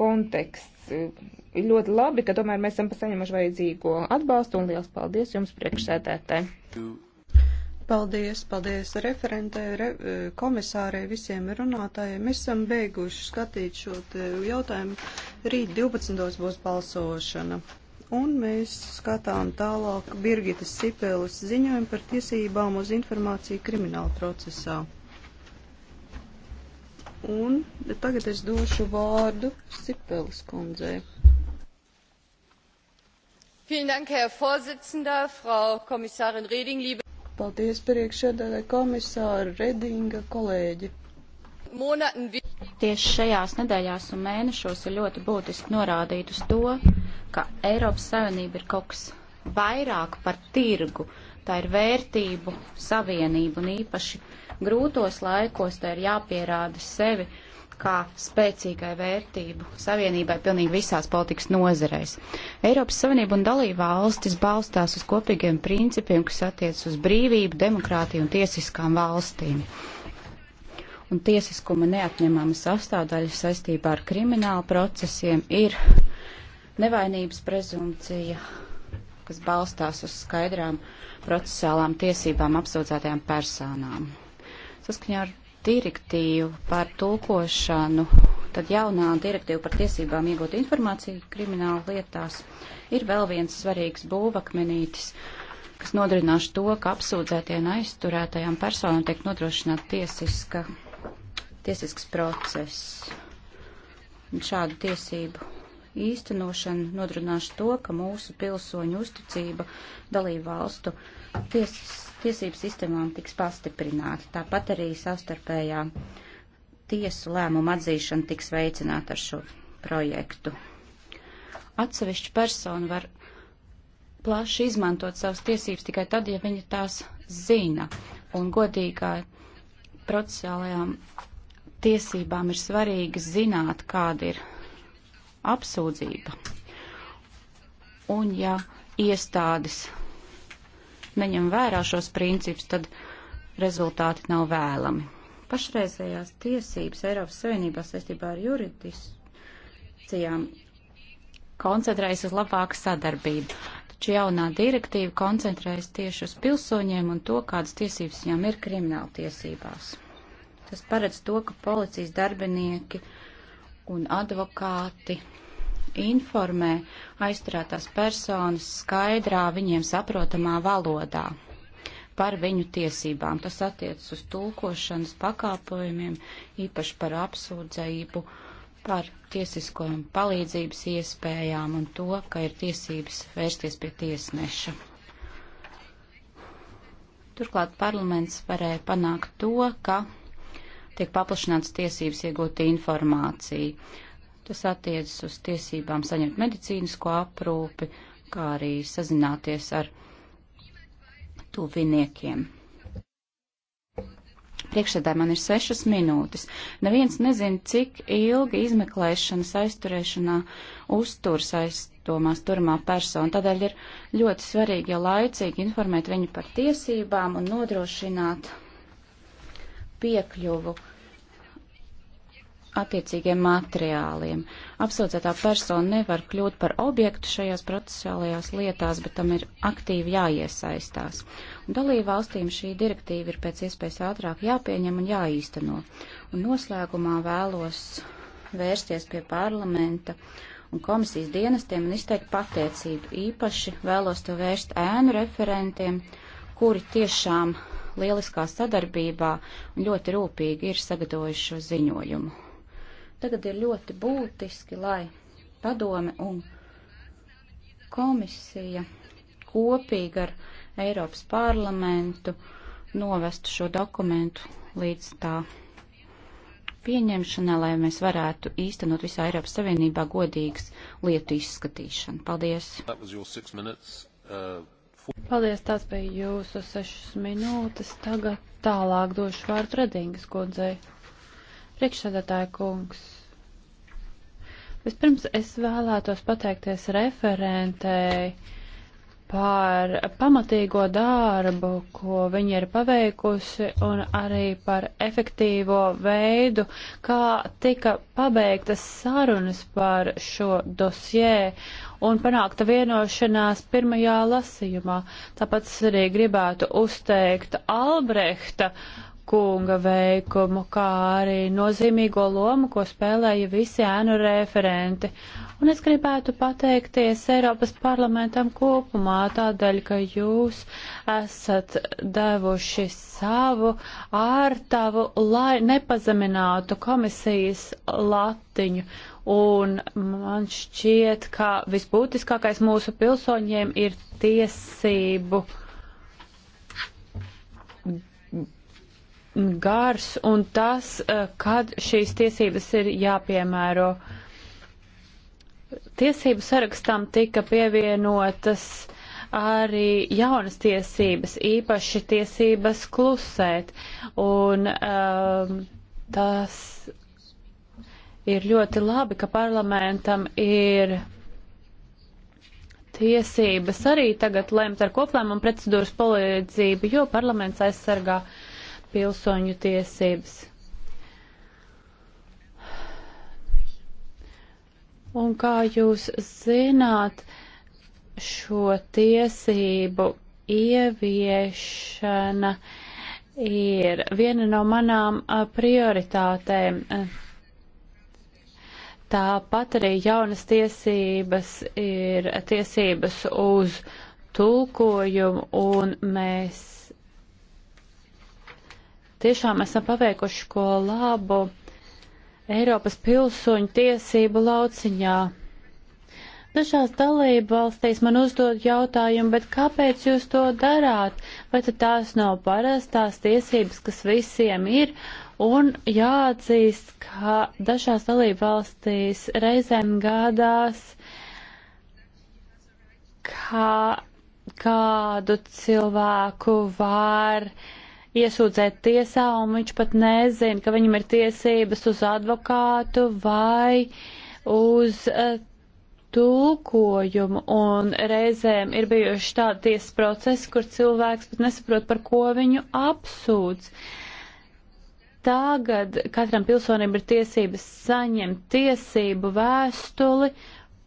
konteksts. Ļoti labi, ka tomēr mēs esam saņemuši vajadzīgo atbalstu un liels paldies jums priekšsēdētāji. Paldies, paldies referentē, re, komisārē, visiem runātājiem. Mēs esam beiguši skatīt šo jautājumu. Rīt 12. būs balsošana. Un mēs skatām tālāk Birgitas Sipeles ziņojumu par tiesībām uz informāciju krimināla procesā. Un tagad es došu vārdu Sipelis kundzei. Paldies, priekšsēdētāji komisāri Redinga kolēģi. Tieši šajās nedēļās un mēnešos ir ļoti būtiski norādīt uz to, ka Eiropas Savienība ir kaut kas vairāk par tirgu. Tā ir vērtību savienība un īpaši uh, grūtos laikos tai ir jāpierāda sevi kā spēcīgai vērtību savienībai pilnīgi visās politikas nozereis. Eiropas Savienība un dalība valstis balstās uz kopīgiem principiem, kas attiec uz brīvību, demokrātiju un tiesiskām valstīm un tiesiskuma neatņemama sastāvdaļa saistībā ar kriminālu procesiem ir nevainības prezumcija, kas balstās uz skaidrām procesālām tiesībām apsūdzētajām personām. Saskaņā ar direktīvu par tulkošanu, tad jaunā direktīva par tiesībām iegūt informāciju krimināla lietās ir vēl viens svarīgs būvakmenītis, kas nodrinās to, ka apsūdzētiem aizturētajām personām tiek nodrošināta tiesiska, tiesisks process. Un šādu tiesību īstenošana nodrinās to, ka mūsu pilsoņu uzticība dalību valstu tiesas tiesību sistēmām tiks pastiprināta. Tāpat arī savstarpējā tiesu lēmuma atzīšana tiks veicināta ar šo projektu. Atsevišķa persona var plaši izmantot savas tiesības tikai tad, ja viņa tās zina. Un godīgai procesuālajām tiesībām ir svarīgi zināt, kāda ir apsūdzība. Un ja iestādes neņem vērā šos principus, tad rezultāti nav vēlami. Pašreizējās tiesības Eiropas Savienībā saistībā ar juridiscijām koncentrējas uz labāku sadarbību, taču jaunā direktīva koncentrējas tieši uz pilsoņiem un to, kādas tiesības viņām ir krimināla tiesībās. Tas paredz to, ka policijas darbinieki un advokāti informē aizturētās personas skaidrā, viņiem saprotamā valodā par viņu tiesībām. Tas attiecas uz tulkošanas pakāpojumiem, īpaši par apsūdzējumu, par tiesisko palīdzības iespējām un to, ka ir tiesības vērsties pie tiesneša. Turklāt parlaments varēja panākt to, ka tiek paplašināts tiesības iegūt informāciju. Tas attiecas uz tiesībām saņemt medicīnisko aprūpi, kā arī sazināties ar tuviniekiem. Priekšsēdē man ir sešas minūtes. Neviens nezina, cik ilgi izmeklēšanas aizturēšanā uzturs aizdomās turmā persona. Tādēļ ir ļoti svarīgi jau laicīgi informēt viņu par tiesībām un nodrošināt piekļuvu attiecīgiem materiāliem. Apsūdzētā persona nevar kļūt par objektu šajās procesuālajās lietās, bet tam ir aktīvi jāiesaistās. Un dalību valstīm šī direktīva ir pēc iespējas ātrāk jāpieņem un jāīsteno. Un noslēgumā vēlos vērsties pie parlamenta un komisijas dienestiem un izteikt pateicību. Īpaši vēlos to vērst ēnu referentiem, kuri tiešām lieliskā sadarbībā un ļoti rūpīgi ir sagatavojuši šo ziņojumu. Tagad ir ļoti būtiski, lai padome un komisija kopīgi ar Eiropas parlamentu novestu šo dokumentu līdz tā pieņemšanai, lai mēs varētu īstenot visā Eiropas Savienībā godīgas lietu izskatīšanu. Paldies! Uh, for... Paldies, tas bija jūsu sešas minūtes. Tagad tālāk došu vārdu Redingas kundzei. Priekšsēdētāja kungs. Vispirms es vēlētos pateikties referentei par pamatīgo darbu, ko viņi ir paveikusi, un arī par efektīvo veidu, kā tika pabeigtas sarunas par šo dosjē un panākta vienošanās pirmajā lasījumā. Tāpēc es arī gribētu uzteikt Albrehta uh, kunga veikumu, kā arī nozīmīgo lomu, ko spēlēja visi ēnu referenti. Un es gribētu pateikties Eiropas parlamentam kopumā tādēļ, ka jūs esat devuši savu ārtavu, lai nepazeminātu komisijas latiņu. Un man šķiet, ka visbūtiskākais mūsu pilsoņiem ir tiesību. Uh, gars un tas, eh, kad šīs tiesības ir jāpiemēro. Tiesību sarakstam tika pievienotas arī jaunas tiesības, īpaši tiesības klusēt, un um, tas ir ļoti labi, ka parlamentam ir tiesības arī tagad lemt ar koplēmumu procedūras palīdzību, jo parlaments aizsargā uh, pilsoņu tiesības. Un kā jūs zināt, šo tiesību ieviešana ir viena no manām prioritātēm. Tāpat arī jaunas tiesības ir tiesības uz tulkojumu, un mēs Tiešām esam paveikuši ko labu Eiropas pilsoņu tiesību lauciņā. Dažās dalība valstīs man uzdod jautājumu, bet kāpēc jūs to darāt? Vai tad tās nav parastās tiesības, kas visiem ir? Un jāatzīst, ka dažās dalība valstīs reizēm gādās, kā kādu cilvēku var uh, iesūdzēt tiesā, un viņš pat nezina, ka viņam ir tiesības uz advokātu vai uz uh, tulkojumu, un reizēm ir bijuši tādi tiesas procesi, kur cilvēks pat nesaprot, par ko viņu apsūdz. Tagad katram pilsonim ir tiesības saņemt tiesību vēstuli,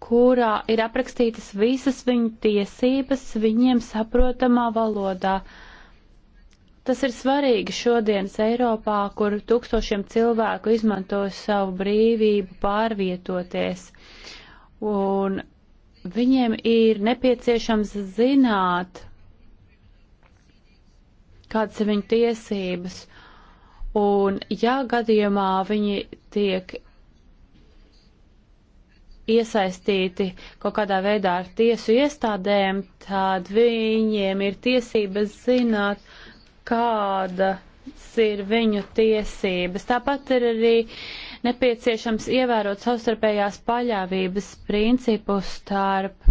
kurā ir aprakstītas visas viņu tiesības viņiem saprotamā valodā. Uh, Tas ir svarīgi šodienas Eiropā, kur tūkstošiem cilvēku izmanto savu brīvību pārvietoties. Un viņiem ir nepieciešams zināt, kādas ir viņu tiesības. Un ja gadījumā viņi tiek iesaistīti kaut kādā veidā ar tiesu iestādēm, tad viņiem ir tiesības zināt, uh, kāda ir viņu tiesības. Tāpat ir arī nepieciešams ievērot savstarpējās paļāvības principu starp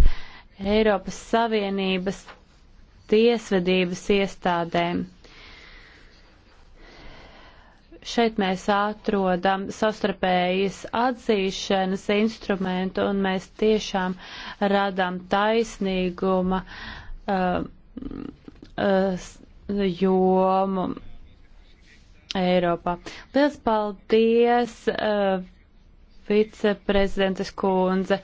Eiropas Savienības tiesvedības iestādēm. Šeit mēs atrodam savstarpējas atzīšanas instrumentu un mēs tiešām radām taisnīguma uh, uh, jomu Eiropā. Lielas paldies, uh, viceprezidentes kundze.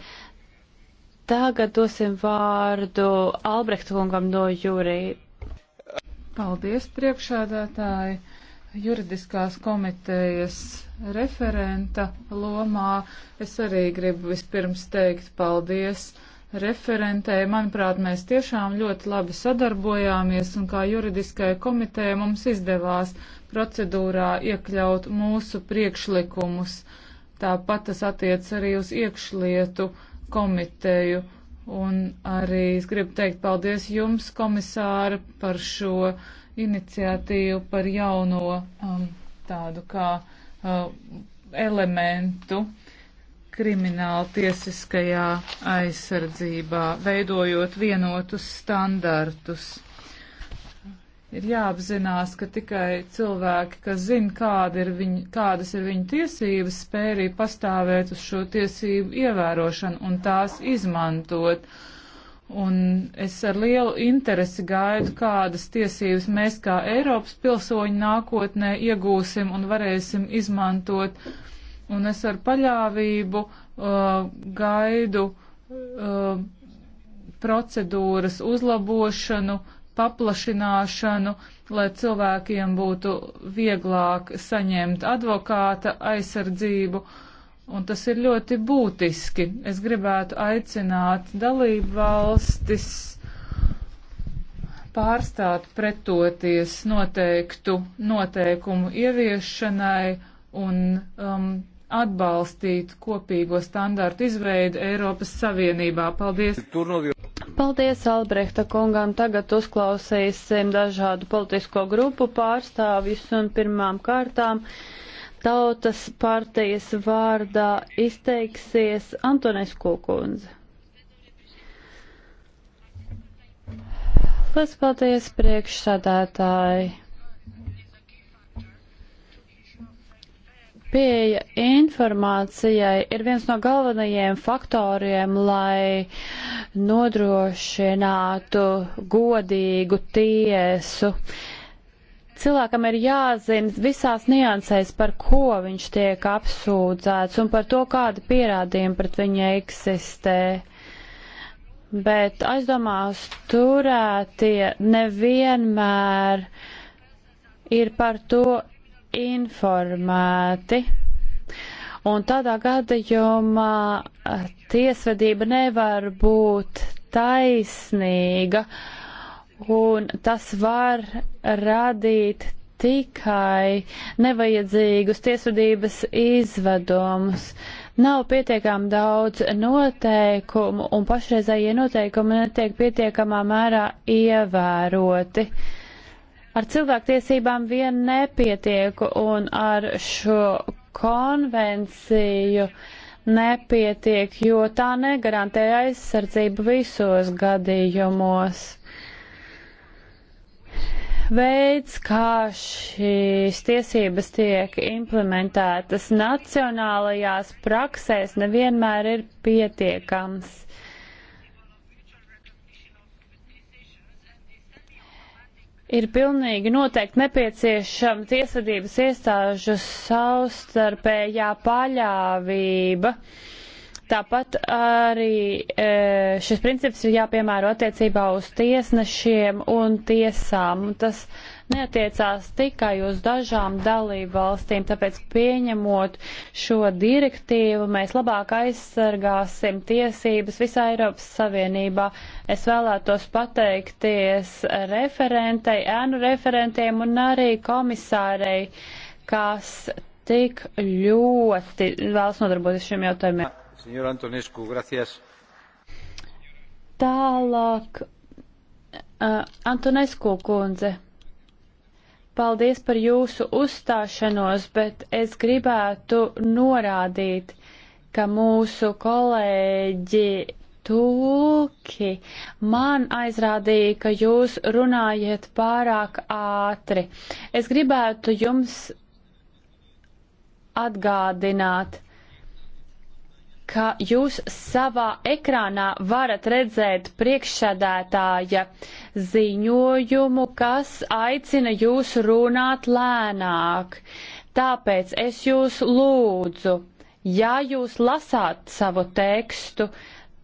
Tagad dosim vārdu Albrecht kungam no jūrī. Paldies, priekšādātāji! juridiskās komitejas referenta lomā. Es arī gribu vispirms teikt paldies referentei. Manuprāt, mēs tiešām ļoti labi sadarbojāmies un kā juridiskajai komitejai mums izdevās procedūrā iekļaut mūsu priekšlikumus. Tāpat tas attiec arī uz iekšlietu komiteju. Un arī es gribu teikt paldies jums, komisāri, par šo iniciatīvu, par jauno um, tādu kā uh, elementu krimināltiesiskajā aizsardzībā, veidojot vienotus standartus. Ir jāapzinās, ka tikai cilvēki, kas zina, kāda ir viņa, kādas ir viņu tiesības, spēj arī pastāvēt uz šo tiesību ievērošanu un tās izmantot. Un es ar lielu interesi gaidu, kādas tiesības mēs kā Eiropas pilsoņi nākotnē iegūsim un varēsim izmantot uh, un es ar paļāvību uh, gaidu uh, procedūras uzlabošanu, paplašināšanu, lai cilvēkiem būtu vieglāk saņemt advokāta aizsardzību. Un tas ir ļoti būtiski. Es gribētu aicināt dalību valstis pārstāt pretoties noteiktu noteikumu ieviešanai un um, atbalstīt kopīgo standārtu izveidu Eiropas Savienībā. Paldies! Paldies Albrehta kungam. Tagad uzklausīsim dažādu politisko grupu pārstāvjus un pirmām kārtām tautas partijas vārdā izteiksies Antonis Kukundze. Liels paldies priekšsādātāji! Pieeja informācijai ir viens no galvenajiem faktoriem, lai nodrošinātu godīgu tiesu. Cilvēkam ir jāzina visās niansēs, par ko viņš tiek apsūdzēts un par to, kāda pierādījuma pret viņu eksistē. Bet aizdomās turētie nevienmēr ir par to informēti. Un tādā gadījumā tiesvedība nevar būt taisnīga, un tas var radīt tikai nevajadzīgus tiesvedības izvedumus. Nav pietiekami daudz noteikumu, un pašreizējie noteikumi netiek pietiekamā mērā ievēroti. Uh, Ar cilvēktiesībām vien nepietiek un ar šo konvenciju nepietiek, jo tā negarantē aizsardzību visos gadījumos. Veids, kā šīs tiesības tiek implementētas nacionālajās praksēs, nevienmēr ir pietiekams. Uh, ir pilnīgi noteikti nepieciešama tiesvedības iestāžu savstarpējā paļāvība. Tāpat arī e, šis princips ir jāpiemēro attiecībā uz tiesnešiem un tiesām. Tas neatiecās tikai uz dažām dalību valstīm, tāpēc pieņemot šo direktīvu, mēs labāk aizsargāsim tiesības visā Eiropas Savienībā. Es vēlētos pateikties referentei, ēnu referentiem un arī komisārei, kas tik ļoti vēlas nodarboties šiem jautājumiem. Senjora Antonescu, gracias. Tālāk, uh, Antonescu kundze. Paldies par jūsu uzstāšanos, bet es gribētu norādīt, ka mūsu kolēģi tulki man aizrādīja, ka jūs runājat pārāk ātri. Es gribētu jums atgādināt, ka jūs savā ekrānā varat redzēt priekšsēdētāja uh, ziņojumu, kas aicina jūs runāt lēnāk. Tāpēc es jūs lūdzu, ja jūs lasāt savu tekstu,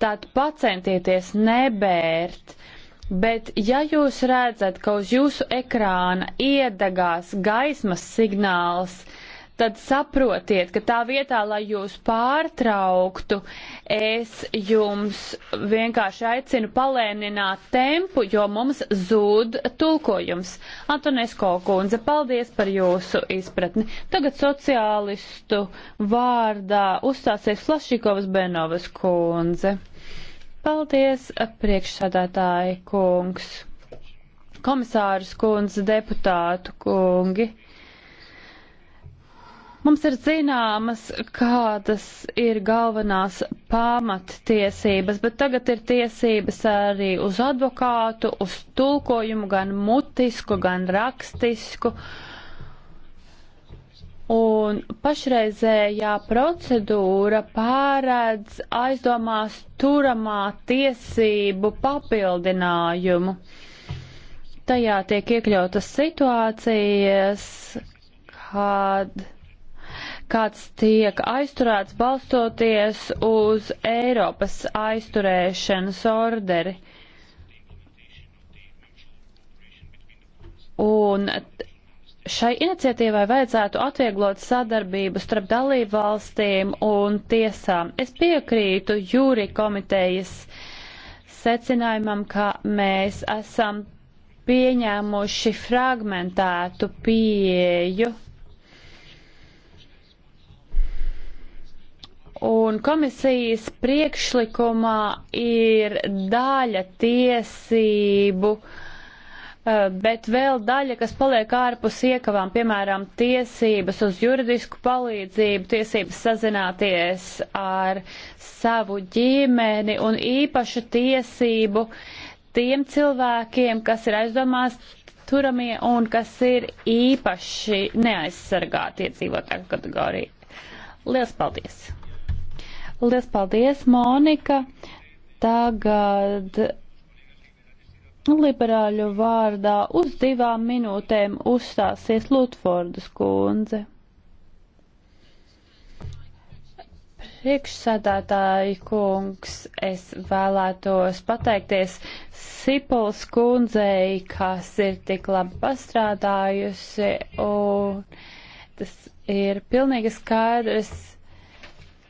tad pacentieties nebērt. Bet, ja jūs redzat, ka uz jūsu ekrāna iedegās gaismas signāls, uh, tad saprotiet, ka tā vietā, lai jūs pārtrauktu, es jums vienkārši aicinu palēnināt tempu, jo mums zūd tulkojums. Antonesko kundze, paldies par jūsu izpratni. Tagad sociālistu vārdā uzstāsies Flašikovas Benovas kundze. Paldies, priekšsādātāji kungs, komisārs kundze, deputātu kungi. Mums ir zināmas, kādas ir galvenās pamattiesības, bet tagad ir tiesības arī uz advokātu, uz tulkojumu, gan mutisku, gan rakstisku. Un pašreizējā procedūra pārēdz aizdomās turamā tiesību papildinājumu. Tajā tiek iekļautas situācijas, kad kāds tiek aizturēts balstoties uz Eiropas aizturēšanas orderi. Un šai iniciatīvai vajadzētu atvieglot sadarbību starp dalību valstīm un tiesām. Es piekrītu jūri komitejas secinājumam, ka mēs esam pieņēmuši fragmentētu pieeju. Un komisijas priekšlikumā ir daļa tiesību, eh, bet vēl daļa, kas paliek ārpus iekavām, piemēram, tiesības uz juridisku palīdzību, tiesības sazināties ar savu ģimeni un īpašu tiesību tiem cilvēkiem, kas ir aizdomās turamie un kas ir īpaši neaizsargāti iedzīvotāju kategorija. Lielas paldies! Lielas paldies, Monika! Tagad liberāļu vārdā uz divām minūtēm uzstāsies Lutfordas kundze. priekšsēdētāji kungs, es vēlētos pateikties Sipuls kundzei, kas ir tik labi pastrādājusi, un tas ir pilnīgi skaidrs,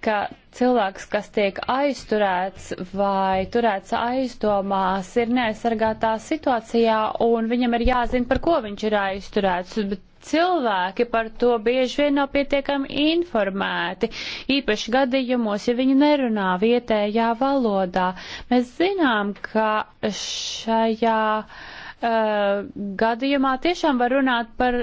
ka cilvēks, kas tiek aizturēts vai turēts aizdomās, ir neaizsargātā situācijā un viņam ir jāzina, par ko viņš ir aizturēts. Bet cilvēki par to bieži vien nav pietiekami informēti, īpaši gadījumos, ja viņi nerunā vietējā valodā. Mēs zinām, ka šajā uh, gadījumā tiešām var runāt par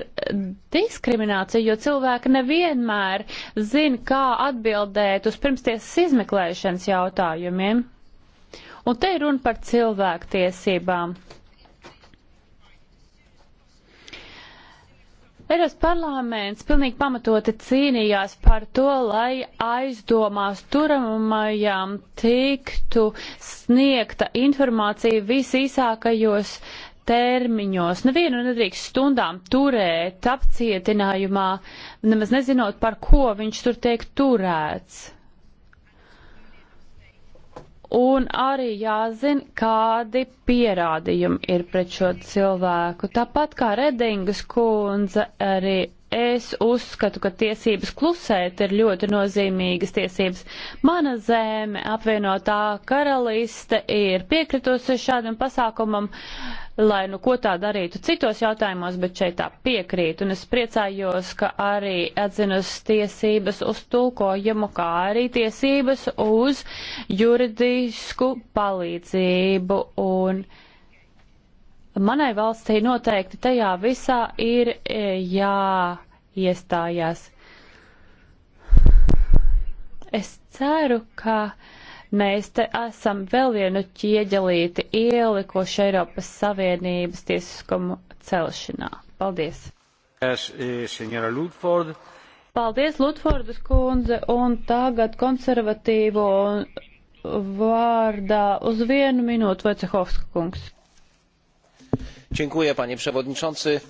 diskrimināciju, jo cilvēki nevienmēr zina, kā atbildēt uz pirmstiesas izmeklēšanas jautājumiem. Un te ir runa par cilvēktiesībām. Eiropas parlaments pilnīgi pamatoti cīnījās par to, lai aizdomās turamajām tiktu sniegta informācija visīsākajos termiņos. Nevienu nedrīkst stundām turēt apcietinājumā, nemaz nezinot, par ko viņš tur tiek turēts. Un arī jāzina, kādi pierādījumi ir pret šo cilvēku. Tāpat kā Redingas kundze, arī es uzskatu, ka tiesības klusēt ir ļoti nozīmīgas tiesības. Mana zeme, apvienotā karaliste, ir piekritusi šādam pasākumam. Uh, lai nu ko tā darītu citos jautājumos, bet šeit tā piekrīt. Un es priecājos, ka arī atzinas tiesības uz tulkojumu, kā arī tiesības uz juridisku palīdzību. Un manai valstī noteikti tajā visā ir e, jāiestājās. Es ceru, ka Mēs te esam vēl vienu ķieģelīti ielikoši Eiropas Savienības tiesiskumu celšanā. Paldies! Es, eh, Lutford. Paldies, Lutfordas kundze, un tagad konservatīvo vārdā uz vienu minūtu Vecehovska kungs. Dziękuję, panie przewodniczący.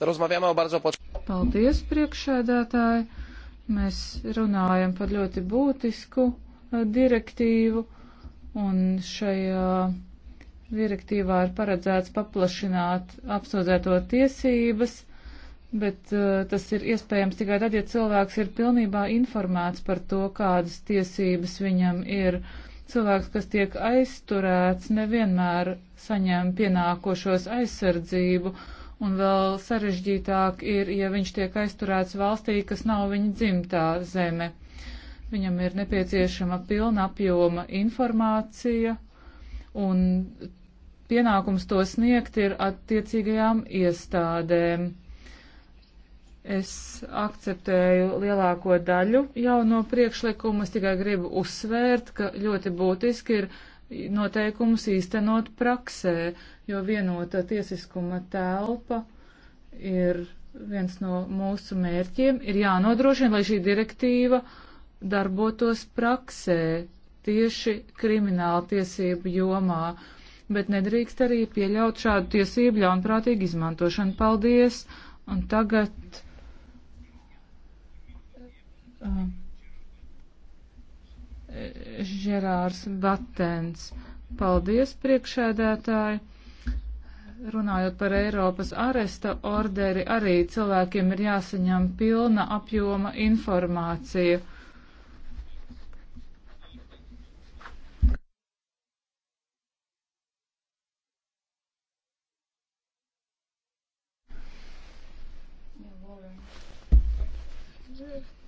Rozmawiamy o bardzo Paldies, priekšsēdētāji. Mēs runājam par ļoti būtisku Uh, direktīvu, un šajā direktīvā ir paredzēts paplašināt apsūdzēto tiesības, bet uh, tas ir iespējams tikai tad, ja cilvēks ir pilnībā informēts par to, kādas tiesības viņam ir. Cilvēks, kas tiek aizturēts, nevienmēr saņem pienākošos aizsardzību, un vēl sarežģītāk ir, ja viņš tiek aizturēts valstī, kas nav viņa dzimtā zeme. Viņam ir nepieciešama pilna apjoma informācija, un pienākums to sniegt ir attiecīgajām iestādēm. Es akceptēju lielāko daļu jauno priekšlikumu, es tikai gribu uzsvērt, ka ļoti būtiski ir noteikumus īstenot praksē, jo vienota tiesiskuma telpa ir viens no mūsu mērķiem. Ir jānodrošina, lai šī direktīva uh, darbotos praksē tieši krimināla tiesību jomā, bet nedrīkst arī pieļaut šādu tiesību ļaunprātīgu izmantošanu. Paldies! Un tagad. Uh, Žerārs Batens. Paldies, priekšēdētāji! Runājot par Eiropas aresta orderi, arī cilvēkiem ir jāsaņem pilna apjoma informācija.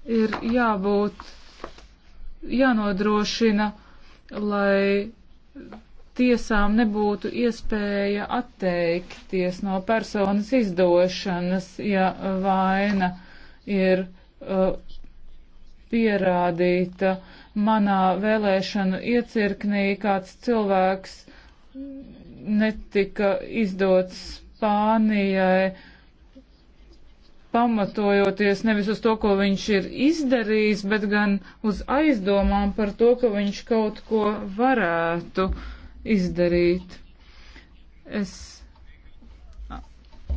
ir jābūt, jānodrošina, lai tiesām nebūtu iespēja atteikties no personas izdošanas, ja vaina ir uh, pierādīta. Manā vēlēšanu iecirknī kāds cilvēks netika izdots Spānijai, pamatojoties nevis uz to, ko viņš ir izdarījis, bet gan uz aizdomām par to, ka viņš kaut ko varētu izdarīt. Es.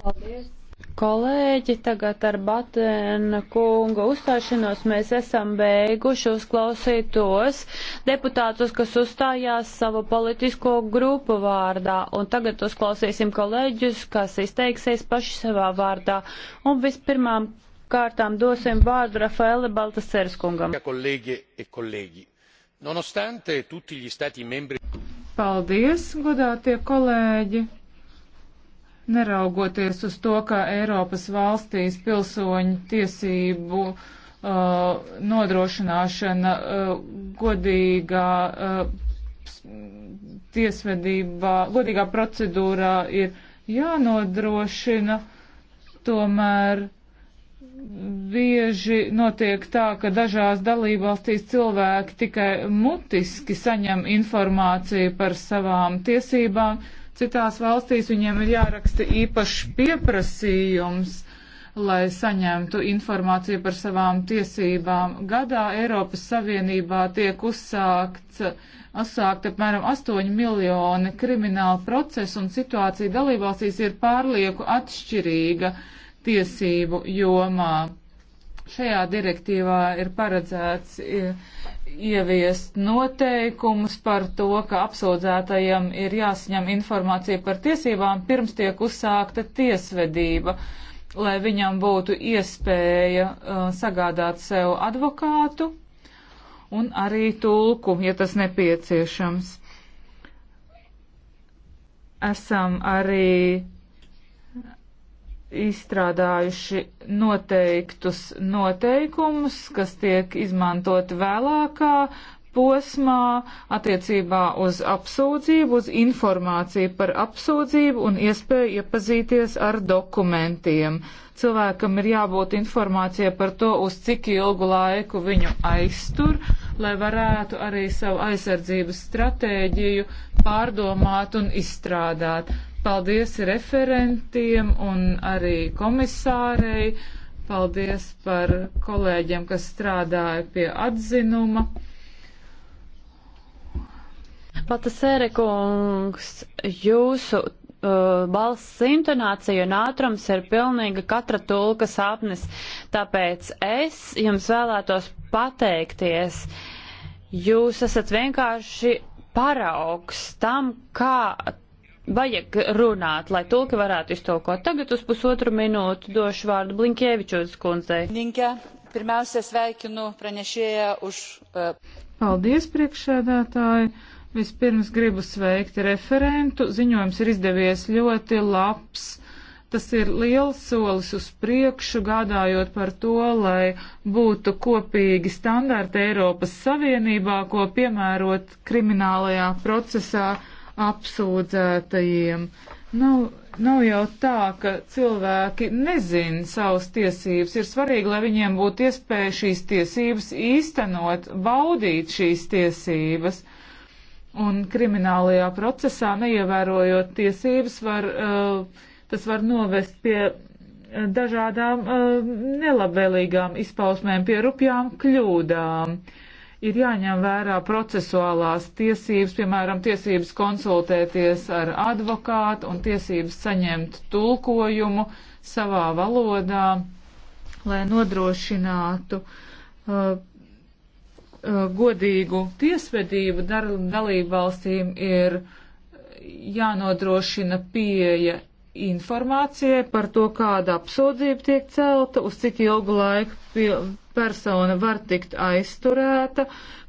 Paldies! Kolēģi, tagad ar Batēna kunga uzstāšanos mēs esam beiguši uzklausīt tos deputātus, kas uzstājās savu politisko grupu vārdā. Un tagad uzklausīsim kolēģus, kas izteiksies paši savā vārdā. Un vispirmām kārtām dosim vārdu Rafaele Baltaseres kungam. Kolēģi, e kolēģi. Nonostante tutti gli stati membri. Paldies, godātie kolēģi! neraugoties uz to, ka Eiropas valstīs pilsoņu tiesību uh, nodrošināšana uh, godīgā uh, tiesvedībā, godīgā procedūrā ir jānodrošina, tomēr bieži notiek tā, ka dažās dalībvalstīs cilvēki tikai mutiski saņem informāciju par savām tiesībām, uh, Citās valstīs viņiem ir jāraksta īpašs pieprasījums, lai saņemtu informāciju par savām tiesībām. Gadā Eiropas Savienībā tiek uzsākts, uzsākt apmēram 8 miljoni kriminālu procesu, un situācija dalībvalstīs ir pārlieku atšķirīga tiesību jomā. Šajā direktīvā ir paredzēts. Ir, eh, ieviest noteikumus par to, ka apsūdzētajiem ir jāsaņem informācija par tiesībām pirms tiek uzsākta tiesvedība, lai viņam būtu iespēja uh, sagādāt sev advokātu un arī tulku, ja tas nepieciešams. Esam arī izstrādājuši noteiktus noteikumus, kas tiek izmantot vēlākā posmā attiecībā uz apsūdzību, uz informāciju par apsūdzību un iespēju iepazīties ar dokumentiem. Cilvēkam ir jābūt informācija par to, uz cik ilgu laiku viņu aiztur, lai varētu arī savu aizsardzības stratēģiju pārdomāt un izstrādāt. Paldies referentiem un arī komisārei. Paldies par kolēģiem, kas strādāja pie atzinuma. Pata Sērekungs, jūsu uh, balss intonācija un ātrums ir pilnīga katra tulka sapnis, tāpēc es jums vēlētos pateikties. Jūs esat vienkārši paraugs tam, kā vajag runāt, lai tulki varētu iztulkot. Tagad uz pusotru minūtu došu vārdu Blinkievičos kundzei. Ninke, pirmiausia sveikinu pranešēja už. Uh... Paldies, priekšsēdētāji. Vispirms gribu sveikt referentu. Ziņojums ir izdevies ļoti labs. Tas ir liels solis uz priekšu, gādājot par to, lai būtu kopīgi standarti Eiropas Savienībā, ko piemērot kriminālajā procesā apsūdzētajiem. Nav, nav jau tā, ka cilvēki nezin savas tiesības. Ir svarīgi, lai viņiem būtu iespēja šīs tiesības īstenot, baudīt šīs tiesības. Un kriminālajā procesā, neievērojot tiesības, var, uh, tas var novest pie uh, dažādām uh, nelabvēlīgām izpausmēm, pie rupjām kļūdām. Uh, ir jāņem vērā procesuālās tiesības, piemēram, tiesības konsultēties ar advokātu un tiesības saņemt tulkojumu savā valodā, lai nodrošinātu uh, uh, godīgu tiesvedību dalību valstīm ir jānodrošina pieeja informācijai par to, kāda apsūdzība tiek celta, uz cik ilgu laiku persona var tikt aizturēta,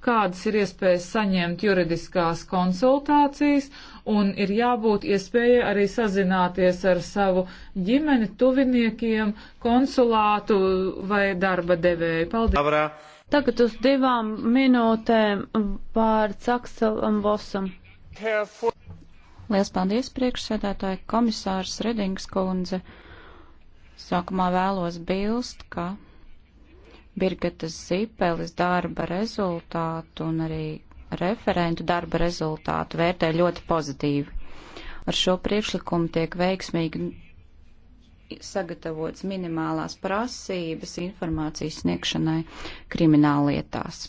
kādas ir iespējas saņemt juridiskās konsultācijas un ir jābūt iespējai arī sazināties ar savu ģimeni, tuviniekiem, konsulātu vai darba devēju. Paldies! Avrā. Tagad uz divām minūtēm pār Cakselam Bosam. Careful. Liels paldies, priekšsēdētāji, komisārs Redings kundze. Sākumā vēlos bilst, ka Birgatas Zipelis darba rezultātu un arī referentu darba rezultātu vērtē ļoti pozitīvi. Ar šo priekšlikumu tiek veiksmīgi sagatavots minimālās prasības informācijas sniegšanai krimināllietās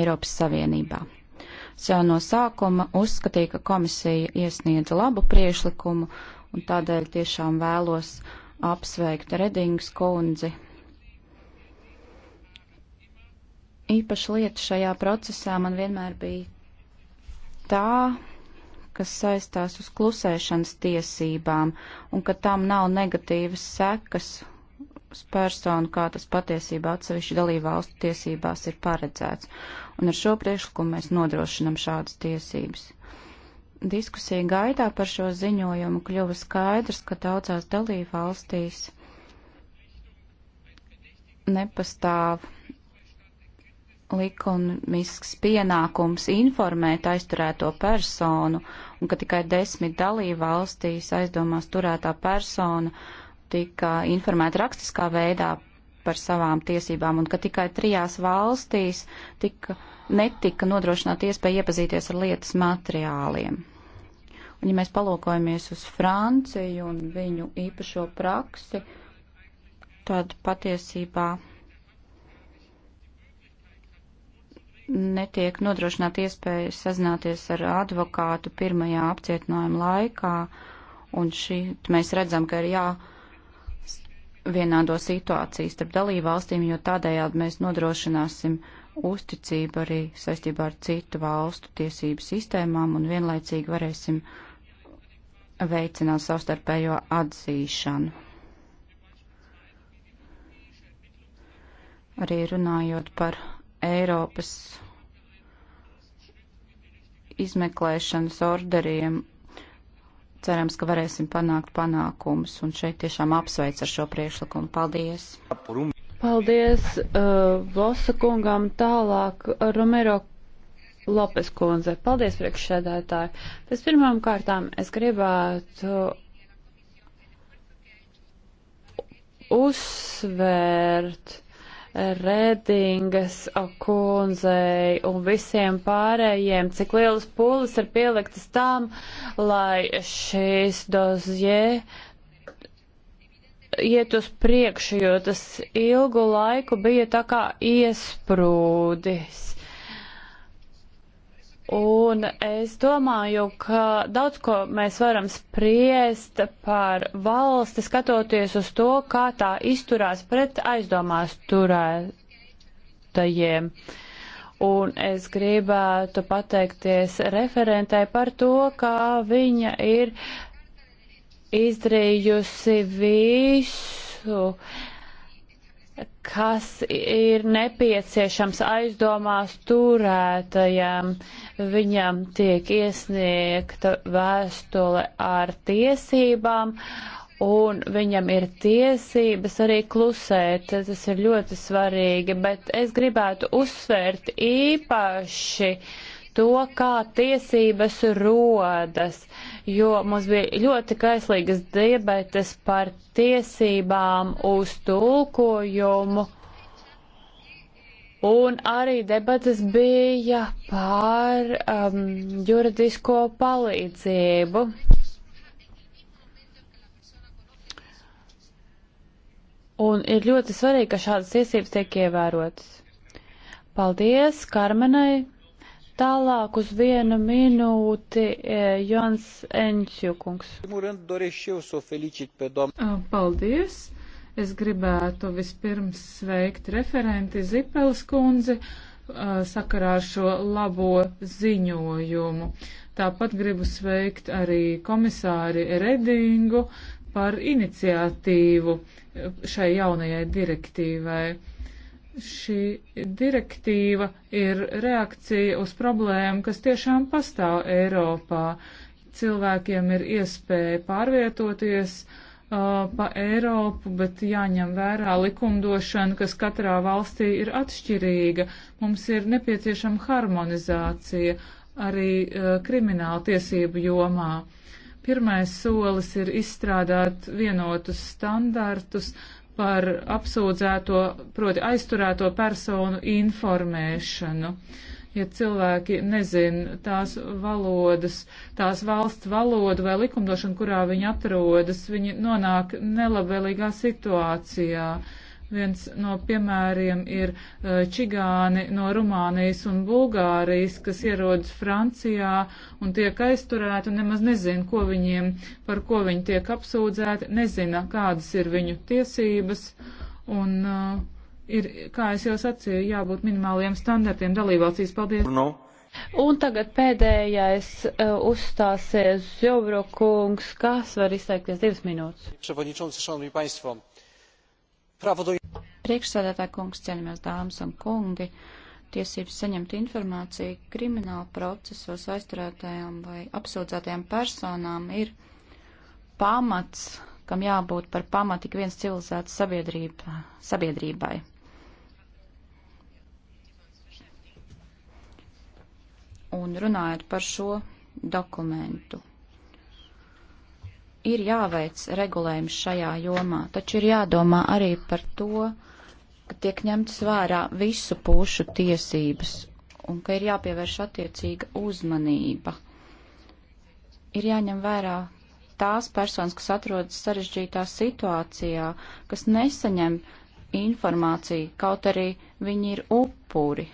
Eiropas Savienībā jau no sākuma uzskatīja, ka komisija iesniedza labu priešlikumu, un tādēļ tiešām vēlos apsveikt Redingas kundzi. Īpaša lieta šajā procesā man vienmēr bija tā, kas saistās uz klusēšanas tiesībām, un ka tam nav negatīvas sekas personu, kā tas patiesībā atsevišķi dalību valstu tiesībās ir paredzēts. Un ar šo priekšlikumu mēs nodrošinam šādas tiesības. Diskusija gaitā par šo ziņojumu kļuva skaidrs, ka daudzās dalību valstīs nepastāv likumisks pienākums informēt aizturēto personu un ka tikai desmit dalību valstīs aizdomās turētā persona uh, tika informēti rakstiskā veidā par savām tiesībām un ka tikai trijās valstīs tika, netika nodrošināta iespēja iepazīties ar lietas materiāliem. Un ja mēs palūkojamies uz Franciju un viņu īpašo praksi, tad patiesībā netiek nodrošināta iespēja sazināties ar advokātu pirmajā apcietinājuma laikā, un šī mēs redzam, ka ir jā. Ja vienādo situāciju starp dalībvalstīm, jo tādējādi mēs nodrošināsim uzticību arī saistībā ar citu valstu tiesību sistēmām un vienlaicīgi varēsim veicināt savstarpējo atzīšanu. Arī runājot par Eiropas izmeklēšanas orderiem cerams, ka varēsim panākt panākumus, un šeit tiešām apsveic ar šo priekšlikumu. Paldies! Paldies uh, Vosa kungam, tālāk uh, Romero Lopes kundze. Paldies priekšsēdētāji. Pēc pirmām kārtām es gribētu uzsvērt Redingas kundzei un visiem pārējiem, cik lielas pūles ir pieliktas tam, lai šīs dozie iet uz priekšu, jo tas ilgu laiku bija tā kā iesprūdis. Un es domāju, ka daudz ko mēs varam spriest par valsti, skatoties uz to, kā tā izturās pret aizdomās turētajiem. Un es gribētu pateikties referentai par to, kā viņa ir izdarījusi visu, kas ir nepieciešams aizdomās turētajam. Viņam tiek iesniegta vēstule ar tiesībām, un viņam ir tiesības arī klusēt. Tas ir ļoti svarīgi, bet es gribētu uzsvērt īpaši to, kā tiesības rodas, jo mums bija ļoti kaislīgas debetes par tiesībām uz tulkojumu, un arī debetes bija par um, juridisko palīdzību. Un ir ļoti svarīgi, ka šādas tiesības tiek ievērotas. Paldies Karmenai Tālāk uz vienu minūti e, Jons Enčukungs. Paldies! Es gribētu vispirms sveikt referenti Zipels kundzi sakarā ar šo labo ziņojumu. Tāpat gribu sveikt arī komisāri Redingu par iniciatīvu šai jaunajai direktīvai šī direktīva ir reakcija uz problēmu, kas tiešām pastāv Eiropā. Cilvēkiem ir iespēja pārvietoties uh, pa Eiropu, bet jāņem vērā likumdošana, kas katrā valstī ir atšķirīga. Mums ir nepieciešama harmonizācija arī uh, krimināla tiesību jomā. Pirmais solis ir izstrādāt vienotus standartus, par apsūdzēto, proti aizturēto personu informēšanu. Ja cilvēki nezin tās valodas, tās valsts valodu vai likumdošanu, kurā viņi atrodas, viņi nonāk nelabvēlīgā situācijā. Uh, Viens no piemēriem ir eh, čigāni no Rumānijas un Bulgārijas, kas ierodas Francijā un tiek aizturēti un nemaz nezin, ko viņiem, par ko viņi tiek apsūdzēti, nezina, kādas ir viņu tiesības. Un, uh, ir, kā es jau sacīju, jābūt minimāliem standartiem dalībvalstīs. Paldies! No. Nu. Un tagad pēdējais uh, uzstāsies Jovro kungs, kas var izteikties divas minūtes. Priekšsēdētāja kungs, ceļamies dāmas un kungi, tiesības saņemt informāciju krimināla procesos aizturētajām vai apsūdzētajām personām ir pamats, kam jābūt par pamatu ik viens civilizētas sabiedrība, sabiedrībai. Un runājot par šo dokumentu ir jāveic regulējums šajā jomā, taču ir jādomā arī par to, ka tiek ņemtas vērā visu pušu tiesības un ka ir jāpievērš attiecīga uzmanība. Ir jāņem vērā tās personas, kas atrodas sarežģītā situācijā, kas nesaņem informāciju, kaut arī viņi ir upuri,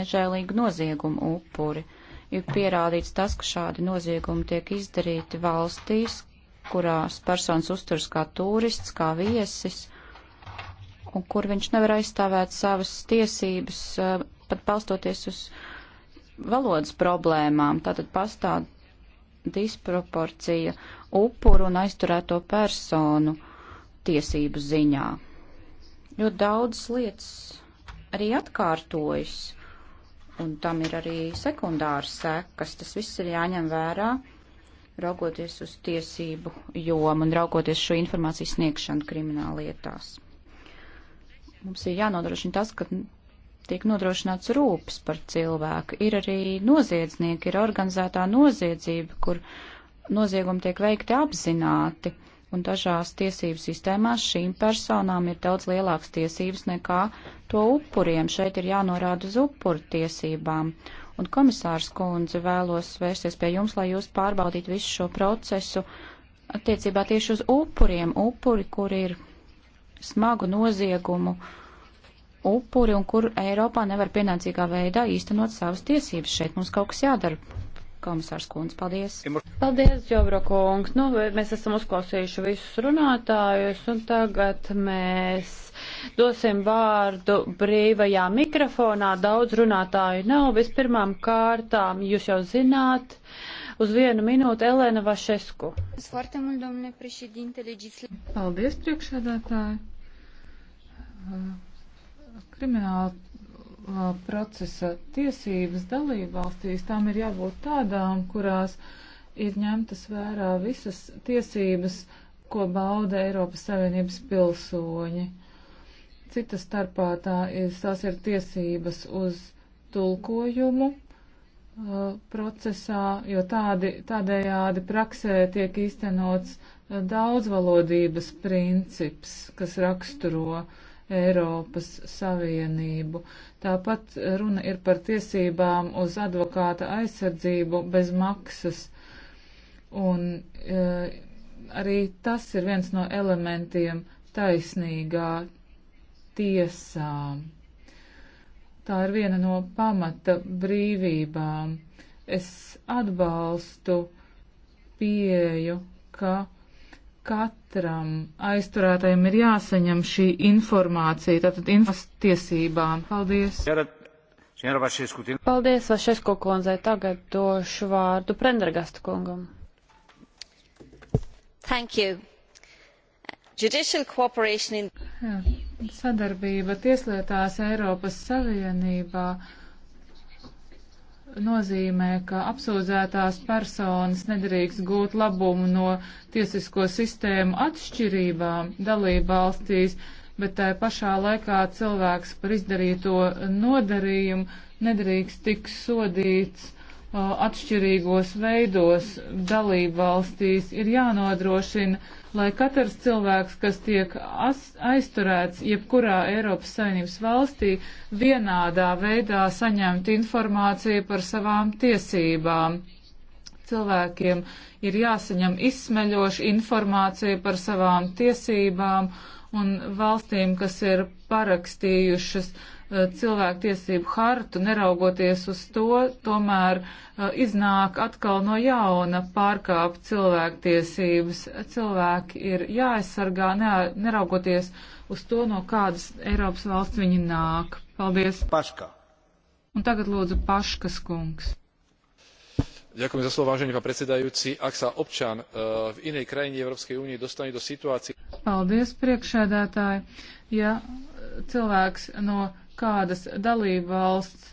nežēlīgi noziegumu upuri. Ir pierādīts tas, ka šādi noziegumi tiek izdarīti valstīs, kurās personas uzturas kā turists, kā viesis, un kur viņš nevar aizstāvēt savas tiesības, eh, pat palstoties uz valodas problēmām. Tātad pastāv disproporcija upuru un aizturēto personu tiesību ziņā. Jo daudzas lietas arī atkārtojas, un tam ir arī sekundāras sekas. Tas viss ir jāņem vērā raugoties uz tiesību jomu un raugoties šo informāciju sniegšanu krimināllietās. Mums ir jānodrošina tas, ka tiek nodrošināts rūpes par cilvēku. Ir arī noziedznieki, ir organizētā noziedzība, kur noziegumi tiek veikti apzināti, un dažās tiesību sistēmās šīm personām ir daudz lielākas tiesības nekā to upuriem. Šeit ir jānorāda uz upuru tiesībām. Uh, Un komisārs kundze vēlos vērsties pie jums, lai jūs pārbaudītu visu šo procesu attiecībā tieši uz upuriem. Upuri, kur ir smagu noziegumu upuri un kur Eiropā nevar pienācīgā veidā īstenot savas tiesības. Šeit mums kaut kas jādara. Komisārs Kunds, paldies. Paldies, Jobro kungs. Nu, mēs esam uzklausījuši visus runātājus un tagad mēs Dosim vārdu brīvajā mikrofonā. Daudz runātāju nav. Vispirmām kārtām jūs jau zināt. Uz vienu minūti Elena Vašesku. Paldies, priekšsēdētāji. Krimināla uh, procesa tiesības dalībvalstīs, tām ir jābūt tādām, kurās ir ņemtas vērā visas tiesības, ko bauda Eiropas Savienības pilsoņi. Cita starpā tā ir, tās ir tiesības uz tulkojumu uh, procesā, jo tādi, tādējādi praksē tiek īstenots uh, daudzvalodības princips, kas raksturo Eiropas Savienību. Tāpat runa ir par tiesībām uz advokāta aizsardzību bez maksas. Un uh, arī tas ir viens no elementiem taisnīgā tiesām. Tā ir viena no pamata brīvībām. Es atbalstu pieju, ka katram aizturētajam ir jāsaņem šī informācija, tātad infos tiesībām. Paldies! Paldies, Vašesko kundzei. Tagad došu vārdu Prendergasta kungam. Thank you. Judicial cooperation in. Jā. Sadarbība tieslietās Eiropas Savienībā nozīmē, ka apsūdzētās personas nedrīkst gūt labumu no tiesisko sistēmu atšķirībām dalībvalstīs, bet tai pašā laikā cilvēks par izdarīto nodarījumu nedrīkst tik sodīts atšķirīgos veidos dalību valstīs ir jānodrošina, lai katrs cilvēks, kas tiek aizturēts jebkurā Eiropas Savienības valstī, vienādā veidā saņemtu informāciju par savām tiesībām. Cilvēkiem ir jāsaņem izsmeļoša informācija par savām tiesībām un valstīm, kas ir parakstījušas uh, Eh, cilvēku tiesību hartu, neraugoties uz to, tomēr eh, iznāk atkal no jauna pārkāpt cilvēku tiesības. Cilvēki ir jāaizsargā, neraugoties uz to, no kādas Eiropas valsts viņi nāk. Paldies! Paškā! Un tagad lūdzu Paškas kungs. Ďakujem za slovo, vážený pán predsedajúci. Ak sa občan uh, v inej krajine Európskej únie dostane do situácie... Paldies, priekšēdētāji. Ja cilvēks no kādas dalībvalsts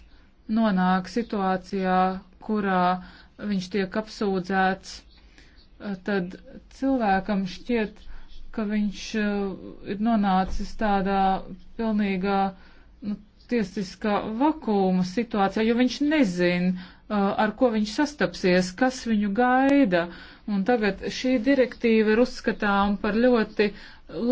nonāk situācijā, kurā viņš tiek apsūdzēts, eh, tad cilvēkam šķiet, ka viņš eh, ir nonācis tādā pilnīgā nu, tiesiskā vakuma situācijā, jo viņš nezina, Uh, ar ko viņš sastapsies, kas viņu gaida. Un tagad šī direktīva ir uzskatām par ļoti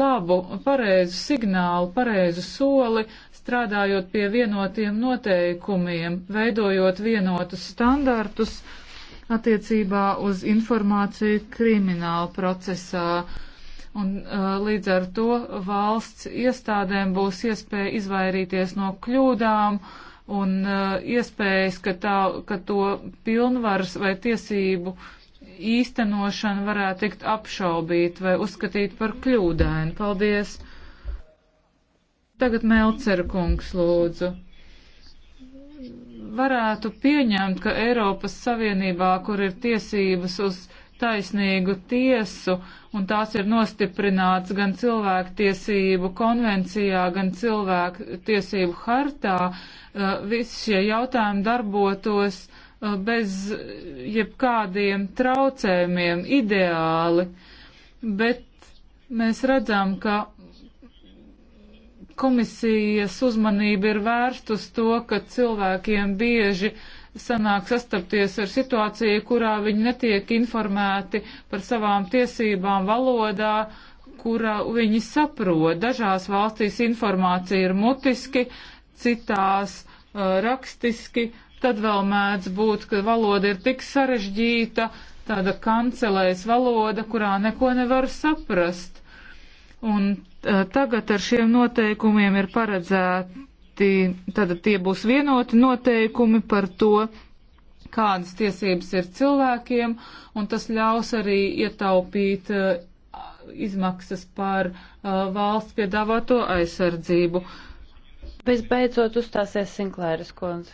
labu, pareizu signālu, pareizu soli, strādājot pie vienotiem noteikumiem, veidojot vienotus standartus attiecībā uz informāciju krimināla procesā. Un uh, līdz ar to valsts iestādēm būs iespēja izvairīties no kļūdām, uh, un uh, iespējas, ka, tā, ka to pilnvaras vai tiesību īstenošana varētu tikt apšaubīt vai uzskatīt par kļūdainu. Paldies! Tagad Melcer kungs lūdzu. Varētu pieņemt, ka Eiropas Savienībā, kur ir tiesības uz taisnīgu tiesu, un tās ir nostiprināts gan cilvēktiesību konvencijā, gan cilvēktiesību hartā, eh, visi šie jautājumi darbotos eh, bez jebkādiem traucējumiem, ideāli. Bet mēs redzam, ka komisijas uzmanība ir vērst uz to, ka cilvēkiem bieži uh, sanāk sastapties ar situāciju, kurā viņi netiek informēti par savām tiesībām valodā, kura viņi saprot. Dažās valstīs informācija ir mutiski, citās uh, rakstiski, tad vēl mēdz būt, ka valoda ir tik sarežģīta, tāda kancelēs valoda, kurā neko nevar saprast. Un uh, tagad ar šiem noteikumiem ir paredzēta noteikti, tad tie būs vienoti noteikumi par to, kādas tiesības ir cilvēkiem, un tas ļaus arī ietaupīt uh, izmaksas par uh, valsts piedāvāto aizsardzību. Visbeidzot uzstāsies Sinklēras kundze.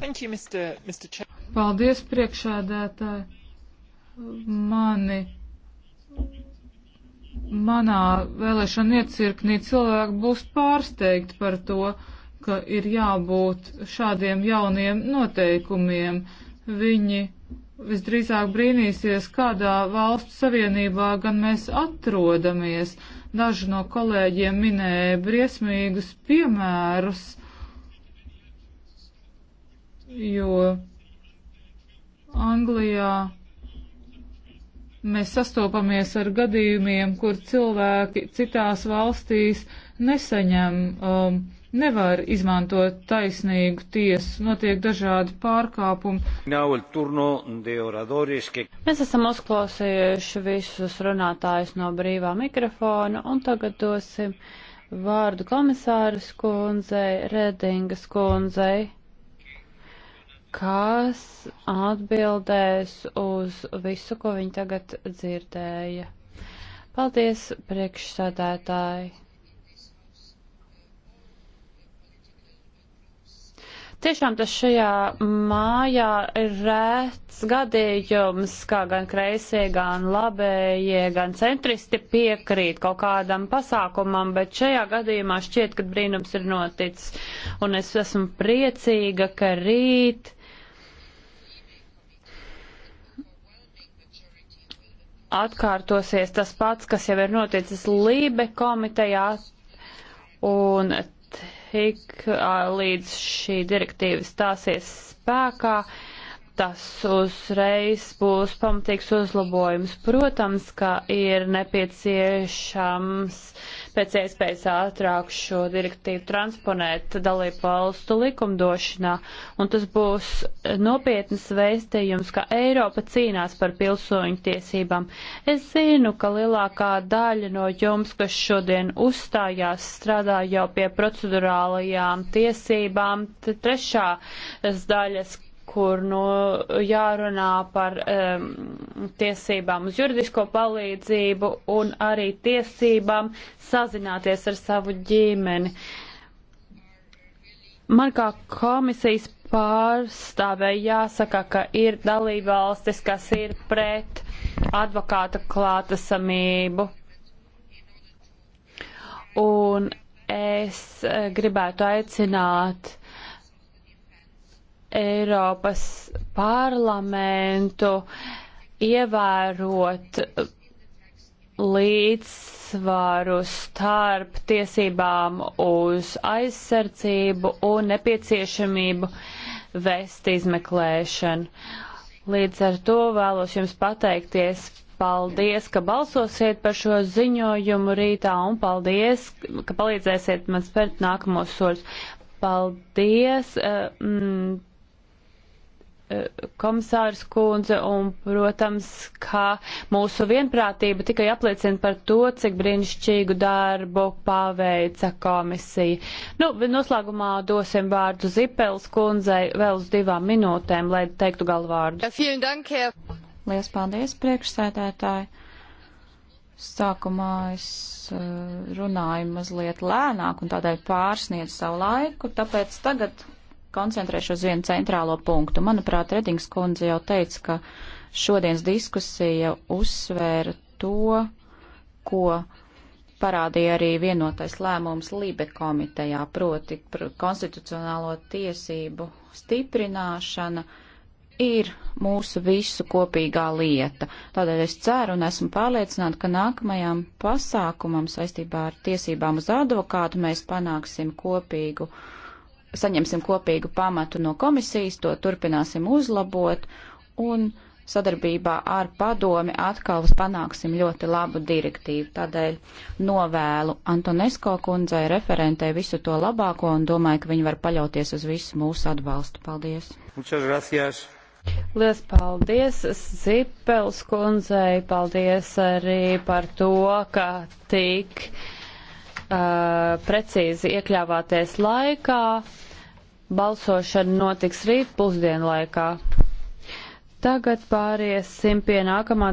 Thank you, Mr. Mr. Paldies, priekšādētāji. Mani manā vēlēšana iecirknī cilvēki būs pārsteigti par to, ka ir jābūt šādiem jauniem noteikumiem. Viņi visdrīzāk brīnīsies, kādā valsts savienībā gan mēs atrodamies. Daži no kolēģiem minēja briesmīgus piemērus, jo Anglijā Mēs sastopamies ar gadījumiem, kur cilvēki citās valstīs nesaņem, um, nevar izmantot taisnīgu tiesu, notiek dažādi pārkāpumi. Mēs esam uzklausījuši visus runātājus no brīvā mikrofona un tagad dosim vārdu komisāras kundzei, Redingas kundzei kas atbildēs uz visu, ko viņi tagad dzirdēja. Paldies, priekšsādētāji! Tiešām tas šajā mājā ir rēts gadījums, kā gan kreisie, gan labējie, gan centristi piekrīt kaut kādam pasākumam, bet šajā gadījumā šķiet, ka brīnums ir noticis. Un es esmu priecīga, ka rīt atkārtosies tas pats, kas jau ir noticis Lībe komitejā, un tik līdz šī direktīva stāsies spēkā, tas uzreiz būs pamatīgs uzlabojums. Protams, ka ir nepieciešams pēc iespējas ātrāk šo direktīvu transponēt dalību valstu likumdošanā, un tas būs nopietnas vēstījums, ka Eiropa cīnās par pilsoņu tiesībām. Es zinu, ka lielākā daļa no jums, kas šodien uzstājās, strādā jau pie procedurālajām tiesībām, trešās daļas, kur nu, jārunā par um, tiesībām uz juridisko palīdzību un arī tiesībām sazināties ar savu ģimeni. Man kā komisijas pārstāvēja jāsaka, ka ir dalībvalstis, kas ir pret advokāta klātesamību. Un es gribētu aicināt uh, Eiropas parlamentu ievērot līdzsvaru starp tiesībām uz aizsardzību un nepieciešamību vest izmeklēšanu. Līdz ar to vēlos jums pateikties. Paldies, ka balsosiet par šo ziņojumu rītā un paldies, ka palīdzēsiet man spērt nākamos soļus. Paldies! Uh, mm, Eh, komisārs kundze, un, protams, ka mūsu vienprātība tikai apliecina par to, cik brīnišķīgu darbu paveica komisija. Nu, noslēgumā dosim vārdu Zipels kundzei vēl uz divām minūtēm, lai teiktu galvārdu. Lielas paldies, priekšsēdētāji! Sākumā es eh, runāju mazliet lēnāk un tādēļ pārsniedzu savu laiku, tāpēc tagad koncentrēšu uz vienu centrālo punktu. Manuprāt, Redings kundze jau teica, ka šodienas diskusija uzsvēra to, ko parādīja arī vienotais lēmums Lībe komitejā, proti pr konstitucionālo tiesību stiprināšana ir mūsu visu kopīgā lieta. Tādēļ es ceru un esmu pārliecināta, ka nākamajam pasākumam saistībā ar tiesībām uz advokātu mēs panāksim kopīgu uh, saņemsim kopīgu pamatu no komisijas, to turpināsim uzlabot un sadarbībā ar padomi atkal panāksim ļoti labu direktīvu. Tādēļ novēlu Antonesko kundzei referentei visu to labāko un domāju, ka viņi var paļauties uz visu mūsu atbalstu. Paldies! Lielas paldies Zipels kundzei, paldies arī par to, ka tik uh, precīzi iekļāvāties laikā. Balsošana notiks rīt pusdienlaikā. Tagad pāriesim pie nākamā